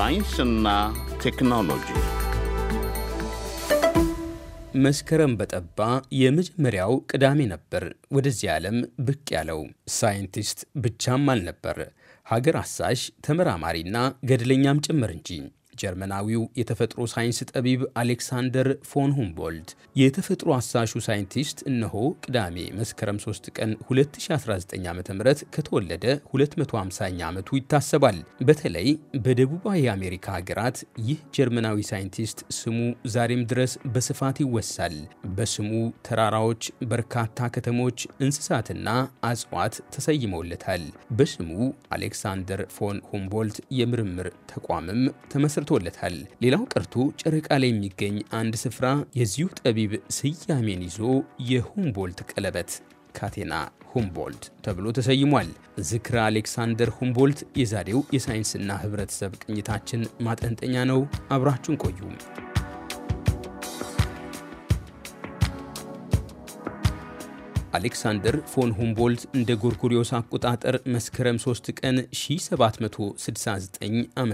ሳይንስና ቴክኖሎጂ መስከረም በጠባ የመጀመሪያው ቅዳሜ ነበር ወደዚህ ዓለም ብቅ ያለው። ሳይንቲስት ብቻም አልነበር፣ ሀገር አሳሽ ተመራማሪና ገድለኛም ጭምር እንጂ ጀርመናዊው የተፈጥሮ ሳይንስ ጠቢብ አሌክሳንደር ፎን ሁምቦልት የተፈጥሮ አሳሹ ሳይንቲስት እነሆ ቅዳሜ መስከረም 3 ቀን 2019 ዓ ም ከተወለደ 250ኛ ዓመቱ ይታሰባል። በተለይ በደቡባዊ የአሜሪካ ሀገራት ይህ ጀርመናዊ ሳይንቲስት ስሙ ዛሬም ድረስ በስፋት ይወሳል። በስሙ ተራራዎች፣ በርካታ ከተሞች፣ እንስሳትና አጽዋት ተሰይመውለታል። በስሙ አሌክሳንደር ፎን ሁምቦልት የምርምር ተቋምም ተመስ ተመስርቶለታል። ሌላው ቀርቶ ጨረቃ ላይ የሚገኝ አንድ ስፍራ የዚሁ ጠቢብ ስያሜን ይዞ የሁምቦልት ቀለበት ካቴና ሁምቦልት ተብሎ ተሰይሟል። ዝክራ አሌክሳንደር ሁምቦልት የዛሬው የሳይንስና ሕብረተሰብ ቅኝታችን ማጠንጠኛ ነው። አብራችሁን ቆዩ። አሌክሳንደር ፎን ሁምቦልት እንደ ጎርጎሪዮስ አቆጣጠር መስከረም 3 ቀን 1769 ዓ ም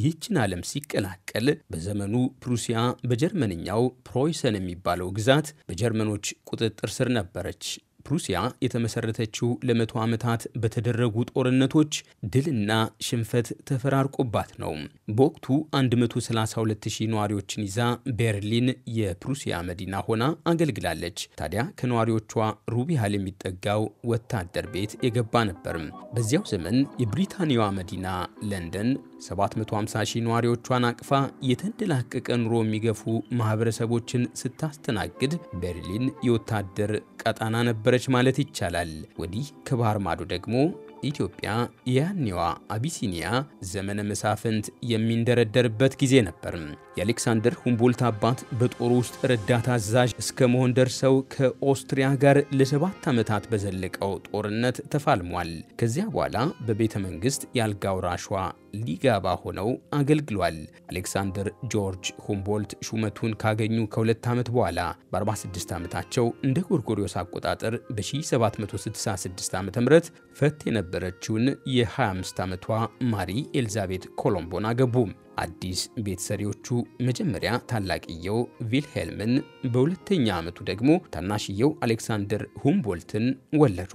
ይህችን ዓለም ሲቀላቀል በዘመኑ ፕሩሲያ በጀርመንኛው ፕሮይሰን የሚባለው ግዛት በጀርመኖች ቁጥጥር ስር ነበረች። ፕሩሲያ የተመሰረተችው ለመቶ ዓመታት በተደረጉ ጦርነቶች ድልና ሽንፈት ተፈራርቆባት ነው። በወቅቱ 132,000 ነዋሪዎችን ይዛ ቤርሊን የፕሩሲያ መዲና ሆና አገልግላለች። ታዲያ ከነዋሪዎቿ ሩብ ያህል የሚጠጋው ወታደር ቤት የገባ ነበርም። በዚያው ዘመን የብሪታንያዋ መዲና ለንደን 750 ሺህ ነዋሪዎቿን አቅፋ የተንደላቀቀ ኑሮ የሚገፉ ማህበረሰቦችን ስታስተናግድ በርሊን የወታደር ቀጣና ነበረች ማለት ይቻላል። ወዲህ ከባህር ማዶ ደግሞ ኢትዮጵያ የያኔዋ አቢሲኒያ ዘመነ መሳፍንት የሚንደረደርበት ጊዜ ነበር። የአሌክሳንደር ሁምቦልት አባት በጦሩ ውስጥ ረዳት አዛዥ እስከ መሆን ደርሰው ከኦስትሪያ ጋር ለሰባት ዓመታት በዘለቀው ጦርነት ተፋልሟል። ከዚያ በኋላ በቤተ መንግሥት የአልጋ ወራሿ ሊጋባ ሆነው አገልግሏል። አሌክሳንደር ጆርጅ ሁምቦልት ሹመቱን ካገኙ ከሁለት ዓመት በኋላ በ46 ዓመታቸው እንደ ጎርጎሪዮስ አቆጣጠር በ1766 ዓ ም ፈት የነበረችውን የ25 ዓመቷ ማሪ ኤልዛቤት ኮሎምቦን አገቡ። አዲስ ቤት ሰሪዎቹ መጀመሪያ ታላቅየው ቪልሄልምን በሁለተኛ ዓመቱ ደግሞ ታናሽየው አሌክሳንደር ሁምቦልትን ወለዱ።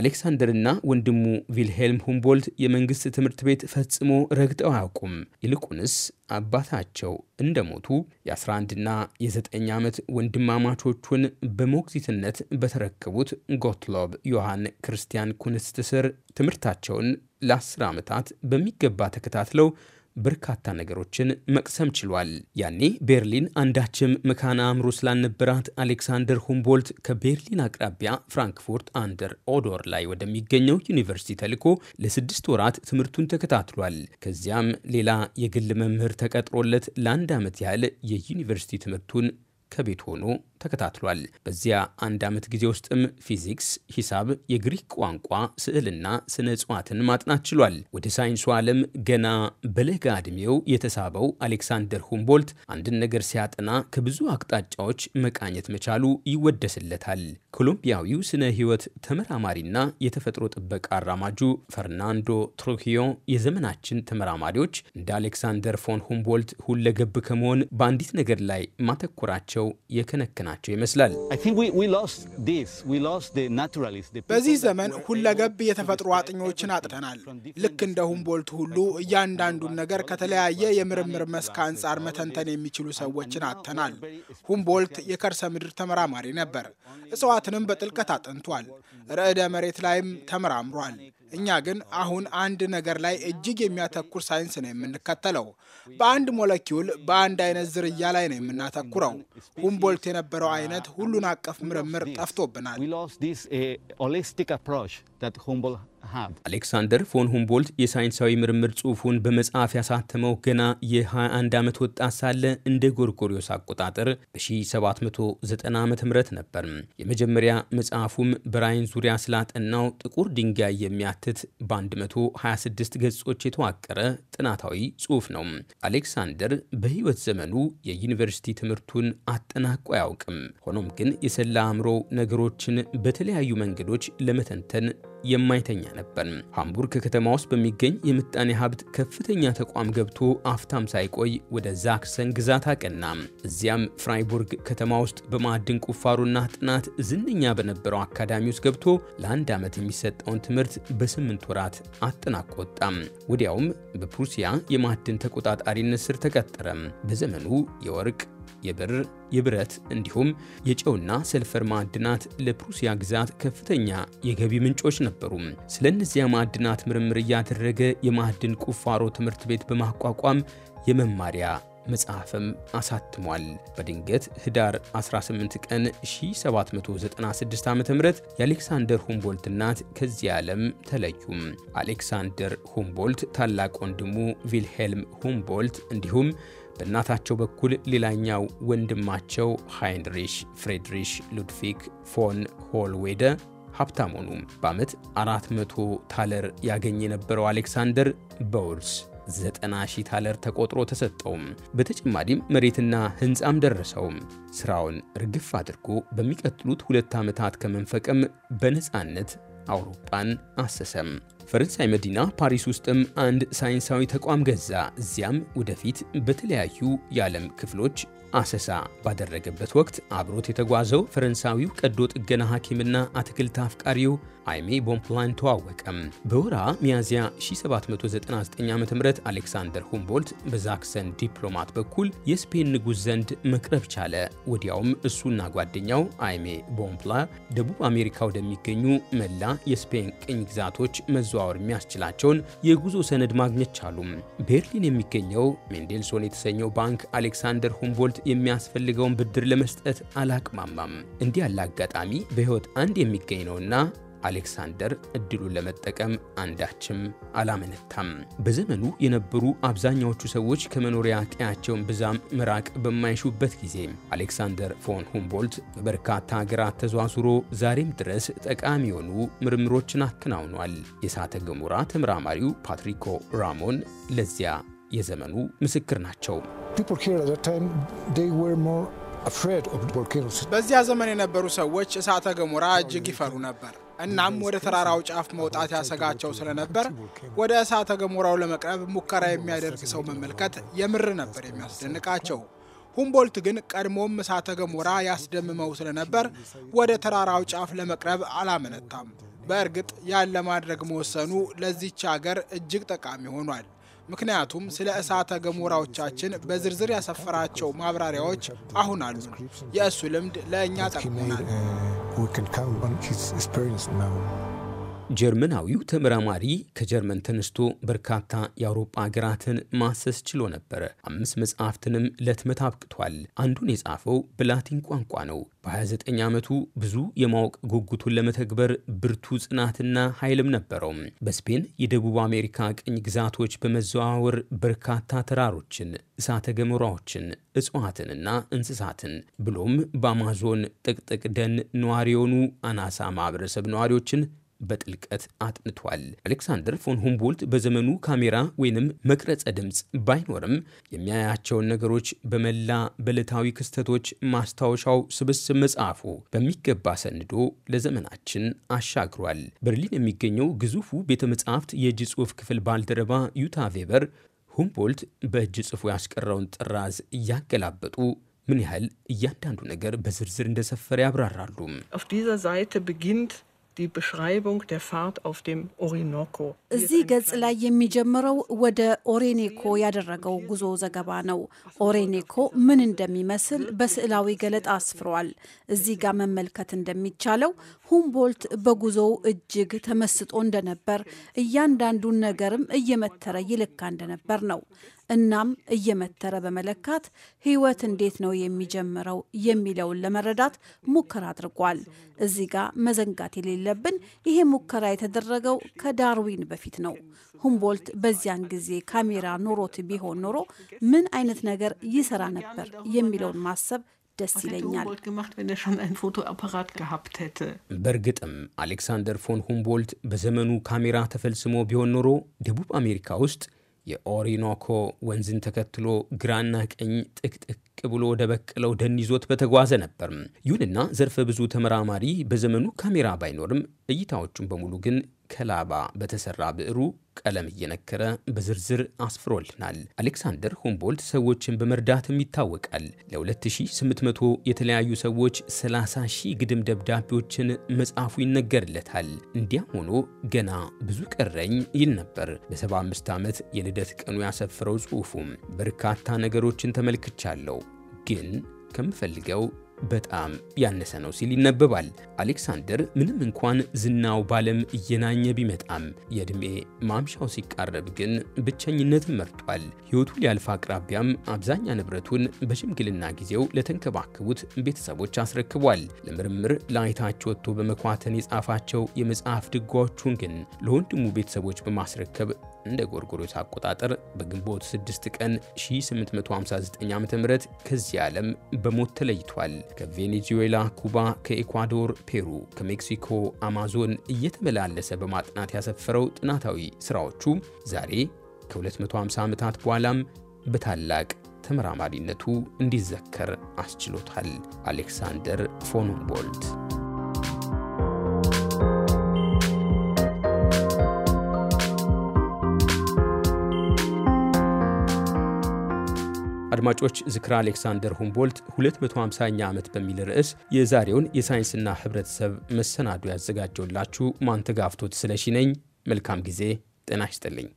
አሌክሳንደርና ወንድሙ ቪልሄልም ሁምቦልት የመንግሥት ትምህርት ቤት ፈጽሞ ረግጠው አያውቁም። ይልቁንስ አባታቸው እንደሞቱ የ11ና የ9 ዓመት ወንድማማቾቹን በሞግዚትነት በተረከቡት ጎትሎብ ዮሐን ክርስቲያን ኩንስት ስር ትምህርታቸውን ለ10 ዓመታት በሚገባ ተከታትለው በርካታ ነገሮችን መቅሰም ችሏል። ያኔ ቤርሊን አንዳችም መካነ አእምሮ ስላልነበራት አሌክሳንደር ሁምቦልት ከቤርሊን አቅራቢያ ፍራንክፉርት አንደር ኦዶር ላይ ወደሚገኘው ዩኒቨርሲቲ ተልኮ ለስድስት ወራት ትምህርቱን ተከታትሏል። ከዚያም ሌላ የግል መምህር ተቀጥሮለት ለአንድ ዓመት ያህል የዩኒቨርሲቲ ትምህርቱን ከቤት ሆኖ ተከታትሏል። በዚያ አንድ ዓመት ጊዜ ውስጥም ፊዚክስ፣ ሂሳብ፣ የግሪክ ቋንቋ፣ ስዕልና ስነ እጽዋትን ማጥናት ችሏል። ወደ ሳይንሱ ዓለም ገና በለጋ ዕድሜው የተሳበው አሌክሳንደር ሁምቦልት አንድን ነገር ሲያጥና ከብዙ አቅጣጫዎች መቃኘት መቻሉ ይወደስለታል። ኮሎምቢያዊው ስነ ሕይወት ተመራማሪና የተፈጥሮ ጥበቃ አራማጁ ፈርናንዶ ትሩኪዮ የዘመናችን ተመራማሪዎች እንደ አሌክሳንደር ፎን ሁምቦልት ሁለገብ ከመሆን በአንዲት ነገር ላይ ማተኮራቸው አእምሯቸው የከነከናቸው ይመስላል። በዚህ ዘመን ሁለገብ የተፈጥሮ አጥኞችን አጥተናል። ልክ እንደ ሁምቦልት ሁሉ እያንዳንዱን ነገር ከተለያየ የምርምር መስክ አንጻር መተንተን የሚችሉ ሰዎችን አጥተናል። ሁምቦልት የከርሰ ምድር ተመራማሪ ነበር። እጽዋትንም በጥልቀት አጥንቷል። ርዕደ መሬት ላይም ተመራምሯል። እኛ ግን አሁን አንድ ነገር ላይ እጅግ የሚያተኩር ሳይንስ ነው የምንከተለው። በአንድ ሞለኪውል በአንድ አይነት ዝርያ ላይ ነው የምናተኩረው። ሁምቦልት የነበረው አይነት ሁሉን አቀፍ ምርምር ጠፍቶብናል። አሌክሳንደር ፎን ሁምቦልት የሳይንሳዊ ምርምር ጽሑፉን በመጽሐፍ ያሳተመው ገና የ21 ዓመት ወጣት ሳለ እንደ ጎርጎሪዮስ አቆጣጠር በ1790 ዓ ም ነበር። የመጀመሪያ መጽሐፉም በራይን ዙሪያ ስላጠናው ጥቁር ድንጋይ የሚያትት በ126 ገጾች የተዋቀረ ጥናታዊ ጽሑፍ ነው። አሌክሳንደር በሕይወት ዘመኑ የዩኒቨርሲቲ ትምህርቱን አጠናቆ አያውቅም። ሆኖም ግን የሰላ አእምሮ ነገሮችን በተለያዩ መንገዶች ለመተንተን የማይተኛ ነበር። ሃምቡርግ ከተማ ውስጥ በሚገኝ የምጣኔ ሀብት ከፍተኛ ተቋም ገብቶ አፍታም ሳይቆይ ወደ ዛክሰን ግዛት አቀና። እዚያም ፍራይቡርግ ከተማ ውስጥ በማዕድን ቁፋሮና ጥናት ዝነኛ በነበረው አካዳሚ ውስጥ ገብቶ ለአንድ ዓመት የሚሰጠውን ትምህርት በስምንት ወራት አጠናቆ ወጣ። ወዲያውም በፕሩሲያ የማዕድን ተቆጣጣሪነት ስር ተቀጠረ። በዘመኑ የወርቅ የብር፣ የብረት እንዲሁም የጨውና ሰልፈር ማዕድናት ለፕሩሲያ ግዛት ከፍተኛ የገቢ ምንጮች ነበሩ። ስለ እነዚያ ማዕድናት ምርምር እያደረገ የማዕድን ቁፋሮ ትምህርት ቤት በማቋቋም የመማሪያ መጽሐፍም አሳትሟል። በድንገት ህዳር 18 ቀን 1796 ዓ ም የአሌክሳንደር ሁምቦልት እናት ከዚህ ዓለም ተለዩም። አሌክሳንደር ሁምቦልት ታላቅ ወንድሙ ቪልሄልም ሁምቦልት እንዲሁም በእናታቸው በኩል ሌላኛው ወንድማቸው ሃይንሪሽ ፍሬድሪሽ ሉድቪግ ፎን ሆልዌደ ሀብታም ሆኑ። በዓመት 400 ታለር ያገኝ የነበረው አሌክሳንደር በውርስ 90 ሺህ ታለር ተቆጥሮ ተሰጠውም። በተጨማሪም መሬትና ሕንፃም ደረሰውም። ሥራውን ርግፍ አድርጎ በሚቀጥሉት ሁለት ዓመታት ከመንፈቅም በነፃነት አውሮፓን አሰሰም። ፈረንሳይ መዲና ፓሪስ ውስጥም አንድ ሳይንሳዊ ተቋም ገዛ። እዚያም ወደፊት በተለያዩ የዓለም ክፍሎች አሰሳ ባደረገበት ወቅት አብሮት የተጓዘው ፈረንሳዊው ቀዶ ጥገና ሐኪምና አትክልት አፍቃሪው አይሜ ቦምፕላን ተዋወቀም። በወራ ሚያዝያ 1799 ዓ ም አሌክሳንደር ሁምቦልት በዛክሰን ዲፕሎማት በኩል የስፔን ንጉሥ ዘንድ መቅረብ ቻለ። ወዲያውም እሱና ጓደኛው አይሜ ቦምፕላ ደቡብ አሜሪካ ወደሚገኙ መላ የስፔን ቅኝ ግዛቶች መዘዋወር የሚያስችላቸውን የጉዞ ሰነድ ማግኘት ቻሉ። ቤርሊን የሚገኘው ሜንዴልሶን የተሰኘው ባንክ አሌክሳንደር ሁምቦልት የሚያስፈልገውን ብድር ለመስጠት አላቅማማም። እንዲህ ያለ አጋጣሚ በሕይወት አንድ የሚገኝ ነውና አሌክሳንደር እድሉን ለመጠቀም አንዳችም አላመነታም። በዘመኑ የነበሩ አብዛኛዎቹ ሰዎች ከመኖሪያ ቀያቸውን ብዛም ምራቅ በማይሹበት ጊዜ አሌክሳንደር ፎን ሁምቦልት በበርካታ ሀገራት ተዟዙሮ ዛሬም ድረስ ጠቃሚ የሆኑ ምርምሮችን አከናውኗል። የእሳተ ገሞራ ተመራማሪው ፓትሪኮ ራሞን ለዚያ የዘመኑ ምስክር ናቸው። በዚያ ዘመን የነበሩ ሰዎች እሳተ ገሞራ እጅግ ይፈሩ ነበር። እናም ወደ ተራራው ጫፍ መውጣት ያሰጋቸው ስለነበር ወደ እሳተ ገሞራው ለመቅረብ ሙከራ የሚያደርግ ሰው መመልከት የምር ነበር የሚያስደንቃቸው። ሁምቦልት ግን ቀድሞም እሳተ ገሞራ ያስደምመው ስለነበር ወደ ተራራው ጫፍ ለመቅረብ አላመነታም። በእርግጥ ያን ለማድረግ መወሰኑ ለዚች አገር እጅግ ጠቃሚ ሆኗል። ምክንያቱም ስለ እሳተ ገሞራዎቻችን በዝርዝር ያሰፈራቸው ማብራሪያዎች አሁን አሉ። የእሱ ልምድ ለእኛ ጠቅሞናል። ጀርመናዊው ተመራማሪ ከጀርመን ተነስቶ በርካታ የአውሮፓ ሀገራትን ማሰስ ችሎ ነበረ። አምስት መጽሐፍትንም ለትመት አብቅቷል። አንዱን የጻፈው በላቲን ቋንቋ ነው። በ29 ዓመቱ ብዙ የማወቅ ጉጉቱን ለመተግበር ብርቱ ጽናትና ኃይልም ነበረው። በስፔን የደቡብ አሜሪካ ቅኝ ግዛቶች በመዘዋወር በርካታ ተራሮችን፣ እሳተ ገሞራዎችን፣ እጽዋትንና እንስሳትን ብሎም በአማዞን ጥቅጥቅ ደን ነዋሪ የሆኑ አናሳ ማህበረሰብ ነዋሪዎችን በጥልቀት አጥንቷል። አሌክሳንደር ፎን ሁምቦልት በዘመኑ ካሜራ ወይንም መቅረጸ ድምፅ ባይኖርም የሚያያቸውን ነገሮች በመላ በዕለታዊ ክስተቶች ማስታወሻው ስብስብ መጽሐፉ በሚገባ ሰንዶ ለዘመናችን አሻግሯል። በርሊን የሚገኘው ግዙፉ ቤተ መጻሕፍት የእጅ ጽሑፍ ክፍል ባልደረባ ዩታ ቬበር ሁምቦልት በእጅ ጽፎ ያስቀረውን ጥራዝ እያገላበጡ ምን ያህል እያንዳንዱ ነገር በዝርዝር እንደሰፈረ ያብራራሉ። እዚህ ገጽ ላይ የሚጀምረው ወደ ኦሬኔኮ ያደረገው ጉዞ ዘገባ ነው። ኦሬኔኮ ምን እንደሚመስል በስዕላዊ ገለጣ አስፍሯል። እዚህ ጋር መመልከት እንደሚቻለው ሁምቦልት በጉዞው እጅግ ተመስጦ እንደነበር፣ እያንዳንዱን ነገርም እየመተረ ይልካ እንደነበር ነው። እናም እየመተረ በመለካት ህይወት እንዴት ነው የሚጀምረው የሚለውን ለመረዳት ሙከራ አድርጓል። እዚህ ጋር መዘንጋት የሌለብን ይሄ ሙከራ የተደረገው ከዳርዊን በፊት ነው። ሁምቦልት በዚያን ጊዜ ካሜራ ኖሮት ቢሆን ኖሮ ምን አይነት ነገር ይሰራ ነበር የሚለውን ማሰብ ደስ ይለኛል። በእርግጥም አሌክሳንደር ፎን ሁምቦልት በዘመኑ ካሜራ ተፈልስሞ ቢሆን ኖሮ ደቡብ አሜሪካ ውስጥ የኦሪኖኮ ወንዝን ተከትሎ ግራና ቀኝ ጥቅጥቅ ብሎ ወደ በቀለው ደን ይዞት በተጓዘ ነበር። ይሁንና ዘርፈ ብዙ ተመራማሪ በዘመኑ ካሜራ ባይኖርም እይታዎቹን በሙሉ ግን ከላባ በተሰራ ብዕሩ ቀለም እየነከረ በዝርዝር አስፍሮልናል። አሌክሳንደር ሁምቦልት ሰዎችን በመርዳትም ይታወቃል። ለ2800 የተለያዩ ሰዎች 30 ሺህ ግድም ደብዳቤዎችን መጻፉ ይነገርለታል። እንዲያም ሆኖ ገና ብዙ ቀረኝ ይል ነበር። በ75 ዓመት የልደት ቀኑ ያሰፈረው ጽሑፉም በርካታ ነገሮችን ተመልክቻለሁ፣ ግን ከምፈልገው በጣም ያነሰ ነው ሲል ይነበባል። አሌክሳንደር ምንም እንኳን ዝናው ባለም እየናኘ ቢመጣም የዕድሜ ማምሻው ሲቃረብ ግን ብቸኝነትን መርጧል። ሕይወቱ ሊያልፍ አቅራቢያም አብዛኛ ንብረቱን በሽምግልና ጊዜው ለተንከባከቡት ቤተሰቦች አስረክቧል። ለምርምር ለአይታች ወጥቶ በመኳተን የጻፋቸው የመጽሐፍ ድጓዎቹን ግን ለወንድሙ ቤተሰቦች በማስረከብ እንደ ጎርጎሮስ አቆጣጠር በግንቦት 6 ቀን 1859 ዓ.ም ከዚህ ዓለም በሞት ተለይቷል። ከቬኔዙዌላ፣ ኩባ፣ ከኤኳዶር፣ ፔሩ፣ ከሜክሲኮ አማዞን እየተመላለሰ በማጥናት ያሰፈረው ጥናታዊ ስራዎቹ ዛሬ ከ250 ዓመታት በኋላም በታላቅ ተመራማሪነቱ እንዲዘከር አስችሎታል። አሌክሳንደር ፎን ሁምቦልት አድማጮች፣ ዝክራ አሌክሳንደር ሁምቦልት 250ኛ ዓመት በሚል ርዕስ የዛሬውን የሳይንስና ህብረተሰብ መሰናዶ ያዘጋጀውላችሁ ማንተጋፍቶት ስለሺ ነኝ። መልካም ጊዜ። ጤና ይስጥልኝ።